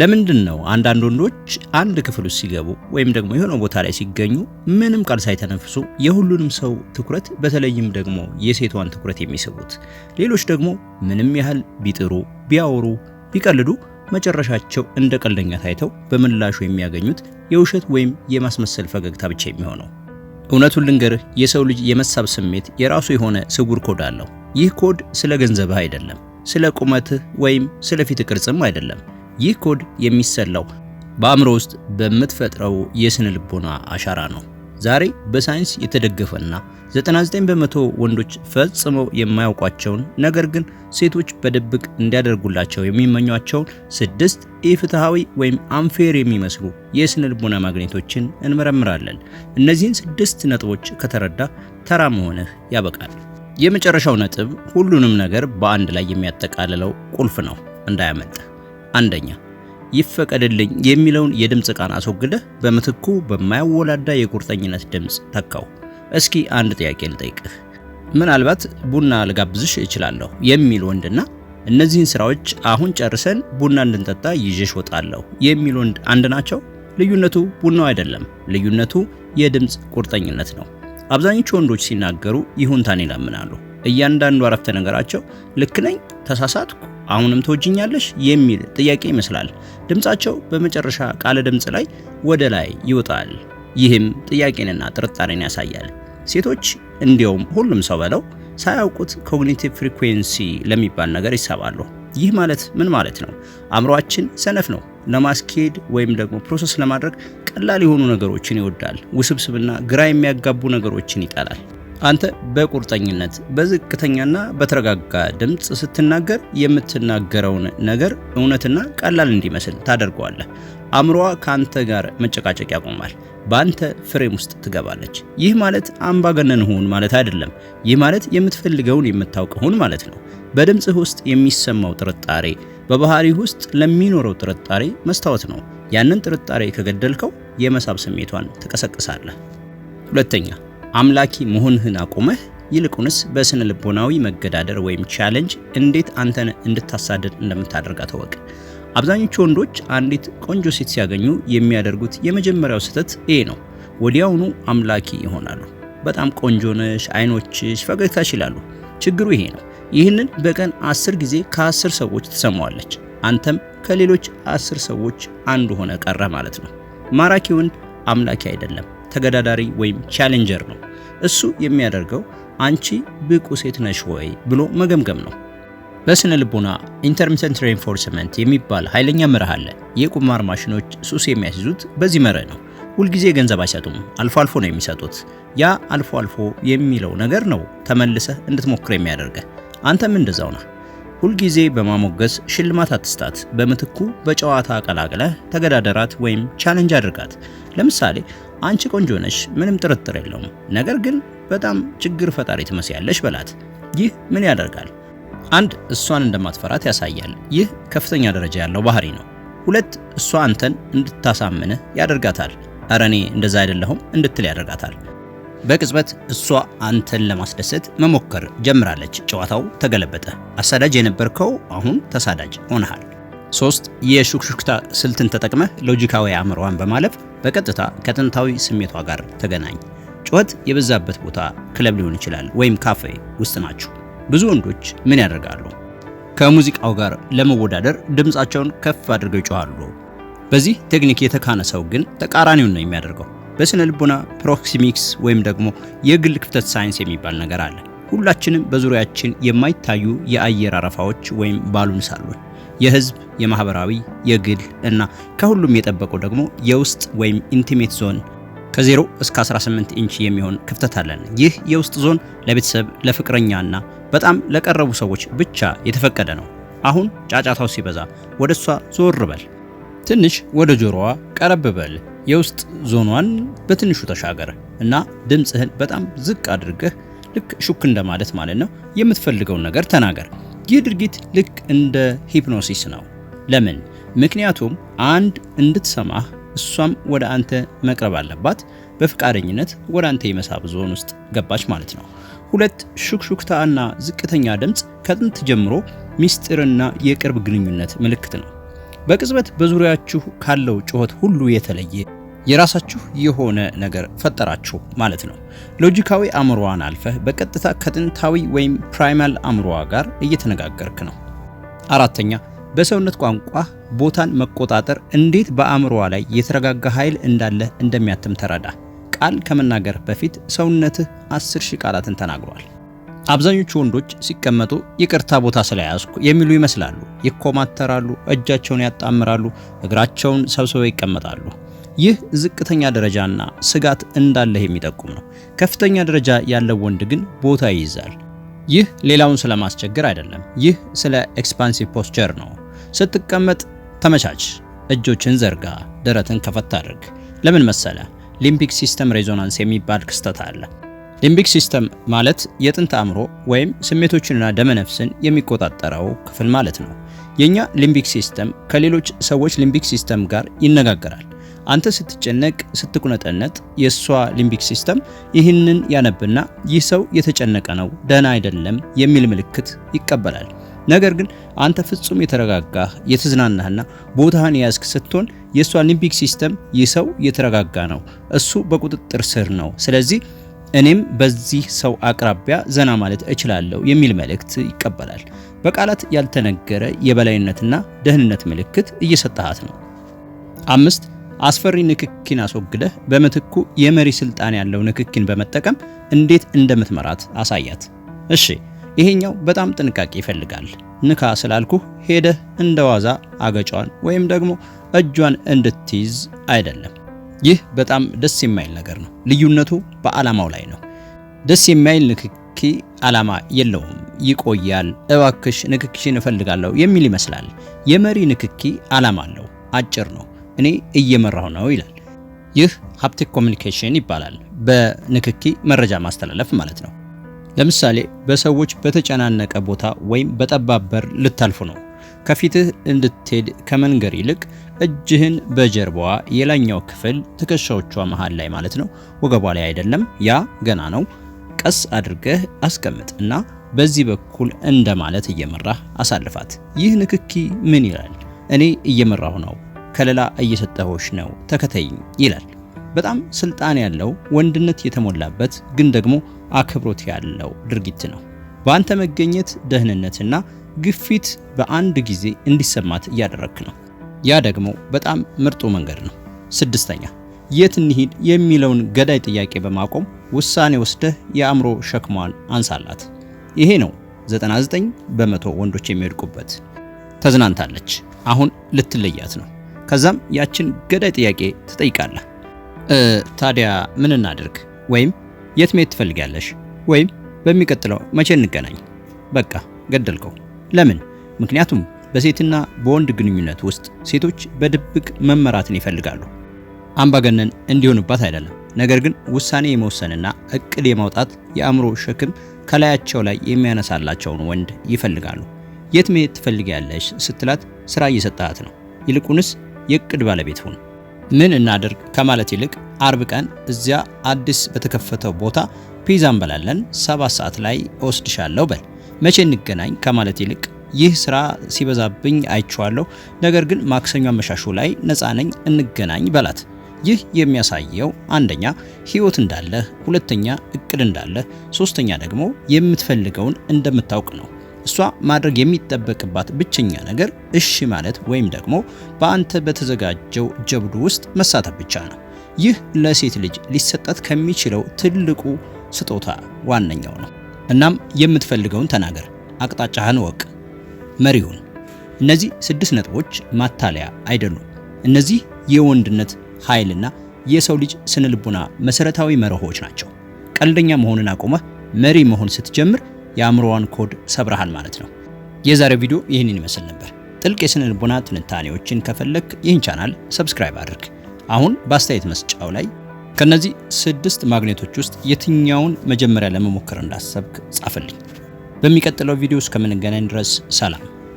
ለምንድን ነው አንዳንድ ወንዶች አንድ ክፍል ውስጥ ሲገቡ ወይም ደግሞ የሆነ ቦታ ላይ ሲገኙ ምንም ቃል ሳይተነፍሱ የሁሉንም ሰው ትኩረት በተለይም ደግሞ የሴቷን ትኩረት የሚስቡት? ሌሎች ደግሞ ምንም ያህል ቢጥሩ፣ ቢያወሩ፣ ቢቀልዱ መጨረሻቸው እንደ ቀልደኛ ታይተው በምላሹ የሚያገኙት የውሸት ወይም የማስመሰል ፈገግታ ብቻ የሚሆነው። እውነቱን ልንገርህ፣ የሰው ልጅ የመሳብ ስሜት የራሱ የሆነ ስውር ኮድ አለው። ይህ ኮድ ስለ ገንዘብህ አይደለም፣ ስለ ቁመትህ ወይም ስለ ፊት ቅርጽም አይደለም ይህ ኮድ የሚሰላው በአእምሮ ውስጥ በምትፈጥረው የስነ ልቦና አሻራ ነው። ዛሬ በሳይንስ የተደገፈና 99 በመቶ ወንዶች ፈጽመው የማያውቋቸውን ነገር ግን ሴቶች በድብቅ እንዲያደርጉላቸው የሚመኟቸውን ስድስት ኢፍትሐዊ ወይም አንፌር የሚመስሉ የስነ ልቦና ማግኔቶችን እንመረምራለን። እነዚህን ስድስት ነጥቦች ከተረዳ ተራ መሆንህ ያበቃል። የመጨረሻው ነጥብ ሁሉንም ነገር በአንድ ላይ የሚያጠቃልለው ቁልፍ ነው፣ እንዳያመጣ አንደኛ ይፈቀድልኝ የሚለውን የድምፅ ቃና አስወግደህ በምትኩ በማያወላዳ የቁርጠኝነት ድምፅ ተካው። እስኪ አንድ ጥያቄ ልጠይቅህ። ምናልባት ቡና ልጋብዝሽ እችላለሁ የሚል ወንድና እነዚህን ስራዎች አሁን ጨርሰን ቡና እንድንጠጣ ይዤሽ ወጣለሁ የሚል ወንድ አንድ ናቸው? ልዩነቱ ቡናው አይደለም። ልዩነቱ የድምፅ ቁርጠኝነት ነው። አብዛኞቹ ወንዶች ሲናገሩ ይሁንታን ይለምናሉ። እያንዳንዱ አረፍተ ነገራቸው ልክ ነኝ፣ ተሳሳትኩ አሁንም ትወጅኛለሽ የሚል ጥያቄ ይመስላል። ድምጻቸው በመጨረሻ ቃለ ድምጽ ላይ ወደ ላይ ይወጣል። ይህም ጥያቄንና ጥርጣሬን ያሳያል። ሴቶች እንዲያውም ሁሉም ሰው በለው ሳያውቁት ኮግኒቲቭ ፍሪኩዌንሲ ለሚባል ነገር ይሳባሉ። ይህ ማለት ምን ማለት ነው? አእምሯችን ሰነፍ ነው። ለማስኬድ ወይም ደግሞ ፕሮሰስ ለማድረግ ቀላል የሆኑ ነገሮችን ይወዳል። ውስብስብና ግራ የሚያጋቡ ነገሮችን ይጠላል። አንተ በቁርጠኝነት በዝቅተኛና በተረጋጋ ድምፅ ስትናገር የምትናገረውን ነገር እውነትና ቀላል እንዲመስል ታደርገዋለህ። አእምሮዋ ከአንተ ጋር መጨቃጨቅ ያቆማል። በአንተ ፍሬም ውስጥ ትገባለች። ይህ ማለት አምባገነን ሁን ማለት አይደለም። ይህ ማለት የምትፈልገውን የምታውቅ ሁን ማለት ነው። በድምፅህ ውስጥ የሚሰማው ጥርጣሬ በባህሪህ ውስጥ ለሚኖረው ጥርጣሬ መስታወት ነው። ያንን ጥርጣሬ ከገደልከው የመሳብ ስሜቷን ትቀሰቅሳለህ። ሁለተኛ አምላኪ መሆንህን አቁመህ ይልቁንስ በስነ ልቦናዊ መገዳደር ወይም ቻለንጅ እንዴት አንተን እንድታሳደድ እንደምታደርግ አታወቅ። አብዛኞቹ ወንዶች አንዲት ቆንጆ ሴት ሲያገኙ የሚያደርጉት የመጀመሪያው ስህተት ይሄ ነው። ወዲያውኑ አምላኪ ይሆናሉ። በጣም ቆንጆ ነሽ፣ አይኖችሽ፣ ፈገግታሽ ይላሉ። ችግሩ ይሄ ነው። ይህንን በቀን አስር ጊዜ ከአስር ሰዎች ትሰማዋለች። አንተም ከሌሎች አስር ሰዎች አንዱ ሆነ ቀረ ማለት ነው። ማራኪ ወንድ አምላኪ አይደለም፣ ተገዳዳሪ ወይም ቻሌንጀር ነው። እሱ የሚያደርገው አንቺ ብቁ ሴት ነሽ ወይ ብሎ መገምገም ነው። በስነ ልቦና ኢንተርሚተንት ሬንፎርስመንት የሚባል ኃይለኛ መርህ አለ። የቁማር ማሽኖች ሱስ የሚያስይዙት በዚህ መርህ ነው። ሁልጊዜ ገንዘብ አይሰጡም፣ አልፎ አልፎ ነው የሚሰጡት። ያ አልፎ አልፎ የሚለው ነገር ነው ተመልሰህ እንድትሞክር የሚያደርገ አንተም እንደዛው ነህ። ሁልጊዜ በማሞገስ ሽልማት አትስጣት። በምትኩ በጨዋታ ቀላቅለህ ተገዳደራት ወይም ቻለንጅ አድርጋት። ለምሳሌ አንቺ ቆንጆ ነሽ፣ ምንም ጥርጥር የለውም፣ ነገር ግን በጣም ችግር ፈጣሪ ትመስያለሽ በላት። ይህ ምን ያደርጋል? አንድ እሷን እንደማትፈራት ያሳያል። ይህ ከፍተኛ ደረጃ ያለው ባህሪ ነው። ሁለት እሷ አንተን እንድታሳምንህ ያደርጋታል። እረ እኔ እንደዛ አይደለሁም እንድትል ያደርጋታል። በቅጽበት እሷ አንተን ለማስደሰት መሞከር ጀምራለች። ጨዋታው ተገለበጠ። አሳዳጅ የነበርከው አሁን ተሳዳጅ ሆነሃል። ሶስት የሹክሹክታ ስልትን ተጠቅመህ ሎጂካዊ አእምሮዋን በማለፍ በቀጥታ ከጥንታዊ ስሜቷ ጋር ተገናኝ። ጩኸት የበዛበት ቦታ ክለብ ሊሆን ይችላል ወይም ካፌ ውስጥ ናችሁ። ብዙ ወንዶች ምን ያደርጋሉ? ከሙዚቃው ጋር ለመወዳደር ድምፃቸውን ከፍ አድርገው ይጨዋሉ። በዚህ ቴክኒክ የተካነ ሰው ግን ተቃራኒውን ነው የሚያደርገው። በስነ ልቦና ፕሮክሲሚክስ ወይም ደግሞ የግል ክፍተት ሳይንስ የሚባል ነገር አለ። ሁላችንም በዙሪያችን የማይታዩ የአየር አረፋዎች ወይም ባሉንስ አሉን። የህዝብ፣ የማህበራዊ፣ የግል እና ከሁሉም የጠበቀው ደግሞ የውስጥ ወይም ኢንቲሜት ዞን ከ0 እስከ 18 ኢንች የሚሆን ክፍተት አለን። ይህ የውስጥ ዞን ለቤተሰብ ለፍቅረኛና በጣም ለቀረቡ ሰዎች ብቻ የተፈቀደ ነው። አሁን ጫጫታው ሲበዛ ወደ እሷ ዞር በል፣ ትንሽ ወደ ጆሮዋ ቀረብ በል የውስጥ ዞኗን በትንሹ ተሻገረ እና ድምፅህን በጣም ዝቅ አድርገህ ልክ ሹክ እንደማለት ማለት ነው፣ የምትፈልገውን ነገር ተናገር። ይህ ድርጊት ልክ እንደ ሂፕኖሲስ ነው። ለምን? ምክንያቱም አንድ እንድትሰማህ እሷም ወደ አንተ መቅረብ አለባት። በፍቃደኝነት ወደ አንተ የመሳብ ዞን ውስጥ ገባች ማለት ነው። ሁለት ሹክሹክታና ዝቅተኛ ድምፅ ከጥንት ጀምሮ ሚስጥርና የቅርብ ግንኙነት ምልክት ነው። በቅጽበት በዙሪያችሁ ካለው ጩኸት ሁሉ የተለየ የራሳችሁ የሆነ ነገር ፈጠራችሁ ማለት ነው። ሎጂካዊ አእምሮዋን አልፈህ በቀጥታ ከጥንታዊ ወይም ፕራይማል አእምሮዋ ጋር እየተነጋገርክ ነው። አራተኛ በሰውነት ቋንቋ ቦታን መቆጣጠር እንዴት በአእምሮዋ ላይ የተረጋጋ ኃይል እንዳለህ እንደሚያትም ተረዳ። ቃል ከመናገር በፊት ሰውነትህ አስር ሺህ ቃላትን ተናግሯል። አብዛኞቹ ወንዶች ሲቀመጡ ይቅርታ ቦታ ስለያዝኩ የሚሉ ይመስላሉ። ይኮማተራሉ፣ እጃቸውን ያጣምራሉ፣ እግራቸውን ሰብስበው ይቀመጣሉ። ይህ ዝቅተኛ ደረጃና ስጋት እንዳለህ የሚጠቁም ነው። ከፍተኛ ደረጃ ያለው ወንድ ግን ቦታ ይይዛል። ይህ ሌላውን ስለማስቸገር አይደለም። ይህ ስለ ኤክስፓንሲቭ ፖስቸር ነው። ስትቀመጥ ተመቻች፣ እጆችን ዘርጋ፣ ደረትን ከፈት አድርግ። ለምን መሰለ? ሊምፒክ ሲስተም ሬዞናንስ የሚባል ክስተት አለ። ሊምቢክ ሲስተም ማለት የጥንት አእምሮ ወይም ስሜቶችንና ደመነፍስን የሚቆጣጠረው ክፍል ማለት ነው። የእኛ ሊምቢክ ሲስተም ከሌሎች ሰዎች ሊምቢክ ሲስተም ጋር ይነጋገራል። አንተ ስትጨነቅ፣ ስትቁነጠነጥ የእሷ ሊምቢክ ሲስተም ይህንን ያነብና ይህ ሰው የተጨነቀ ነው፣ ደህና አይደለም የሚል ምልክት ይቀበላል። ነገር ግን አንተ ፍጹም የተረጋጋህ የተዝናናህና ቦታህን የያዝክ ስትሆን የእሷ ሊምቢክ ሲስተም ይህ ሰው የተረጋጋ ነው፣ እሱ በቁጥጥር ስር ነው፣ ስለዚህ እኔም በዚህ ሰው አቅራቢያ ዘና ማለት እችላለሁ የሚል መልእክት ይቀበላል። በቃላት ያልተነገረ የበላይነትና ደህንነት ምልክት እየሰጠሃት ነው። አምስት አስፈሪ ንክኪን አስወግደህ በምትኩ የመሪ ስልጣን ያለው ንክኪን በመጠቀም እንዴት እንደምትመራት አሳያት። እሺ ይሄኛው በጣም ጥንቃቄ ይፈልጋል። ንካ ስላልኩህ ሄደህ እንደዋዛ አገጯን ወይም ደግሞ እጇን እንድትይዝ አይደለም። ይህ በጣም ደስ የማይል ነገር ነው። ልዩነቱ በዓላማው ላይ ነው። ደስ የማይል ንክኪ ዓላማ የለውም። ይቆያል። እባክሽ ንክኪሽን እፈልጋለሁ የሚል ይመስላል። የመሪ ንክኪ ዓላማ አለው። አጭር ነው። እኔ እየመራሁ ነው ይላል። ይህ ሀፕቲክ ኮሚኒኬሽን ይባላል። በንክኪ መረጃ ማስተላለፍ ማለት ነው። ለምሳሌ በሰዎች በተጨናነቀ ቦታ ወይም በጠባብ በር ልታልፉ ነው። ከፊትህ እንድትሄድ ከመንገር ይልቅ እጅህን በጀርባዋ የላይኛው ክፍል ትከሻዎቿ መሃል ላይ ማለት ነው፣ ወገቧ ላይ አይደለም፣ ያ ገና ነው። ቀስ አድርገህ አስቀምጥ እና በዚህ በኩል እንደማለት እየመራህ አሳልፋት። ይህ ንክኪ ምን ይላል? እኔ እየመራሁ ነው፣ ከለላ እየሰጠሁሽ ነው፣ ተከተይኝ ይላል። በጣም ስልጣን ያለው ወንድነት የተሞላበት ግን ደግሞ አክብሮት ያለው ድርጊት ነው። በአንተ መገኘት ደህንነትና ግፊት በአንድ ጊዜ እንዲሰማት እያደረግክ ነው። ያ ደግሞ በጣም ምርጡ መንገድ ነው። ስድስተኛ የት እንሂድ የሚለውን ገዳይ ጥያቄ በማቆም ውሳኔ ወስደህ የአእምሮ ሸክሟን አንሳላት። ይሄ ነው 99 በመቶ ወንዶች የሚወድቁበት። ተዝናንታለች፣ አሁን ልትለያት ነው። ከዛም ያችን ገዳይ ጥያቄ ትጠይቃለህ። ታዲያ ምን እናድርግ? ወይም የት መሄድ ትፈልጊያለሽ? ወይም በሚቀጥለው መቼ እንገናኝ? በቃ ገደልከው። ለምን? ምክንያቱም በሴትና በወንድ ግንኙነት ውስጥ ሴቶች በድብቅ መመራትን ይፈልጋሉ። አምባገነን እንዲሆንባት አይደለም፣ ነገር ግን ውሳኔ የመወሰንና እቅድ የማውጣት የአእምሮ ሸክም ከላያቸው ላይ የሚያነሳላቸውን ወንድ ይፈልጋሉ። የት መሄድ ትፈልጊያለሽ ስትላት ስራ እየሰጣት ነው፣ ይልቁንስ የእቅድ ባለቤት ሁን። ምን እናድርግ ከማለት ይልቅ አርብ ቀን እዚያ አዲስ በተከፈተው ቦታ ፒዛ እንበላለን፣ ሰባት ሰዓት ላይ እወስድሻለሁ በል። መቼ እንገናኝ ከማለት ይልቅ ይህ ስራ ሲበዛብኝ አይቼዋለሁ፣ ነገር ግን ማክሰኞ አመሻሹ ላይ ነፃ ነኝ፣ እንገናኝ በላት። ይህ የሚያሳየው አንደኛ ህይወት እንዳለ፣ ሁለተኛ እቅድ እንዳለ፣ ሶስተኛ ደግሞ የምትፈልገውን እንደምታውቅ ነው። እሷ ማድረግ የሚጠበቅባት ብቸኛ ነገር እሺ ማለት ወይም ደግሞ በአንተ በተዘጋጀው ጀብዱ ውስጥ መሳተፍ ብቻ ነው። ይህ ለሴት ልጅ ሊሰጣት ከሚችለው ትልቁ ስጦታ ዋነኛው ነው። እናም የምትፈልገውን ተናገር፣ አቅጣጫህን ወቅ መሪውን። እነዚህ ስድስት ነጥቦች ማታለያ አይደሉም። እነዚህ የወንድነት ኃይልና የሰው ልጅ ልቦና መሰረታዊ መርሆች ናቸው። ቀልደኛ መሆንን አቁመህ መሪ መሆን ስትጀምር የአእምሮዋን ኮድ ሰብረሃል ማለት ነው። የዛሬው ቪዲዮ ይህንን ይመስል ነበር። ጥልቅ የስነ ልቦና ትንታኔዎችን ከፈለክ ይህን ቻናል ሰብስክራይብ አድርግ። አሁን በአስተያየት መስጫው ላይ ከነዚህ ስድስት ማግኔቶች ውስጥ የትኛውን መጀመሪያ ለመሞከር እንዳሰብክ ጻፈልኝ። በሚቀጥለው ቪዲዮ እስከምንገናኝ ድረስ ሰላም።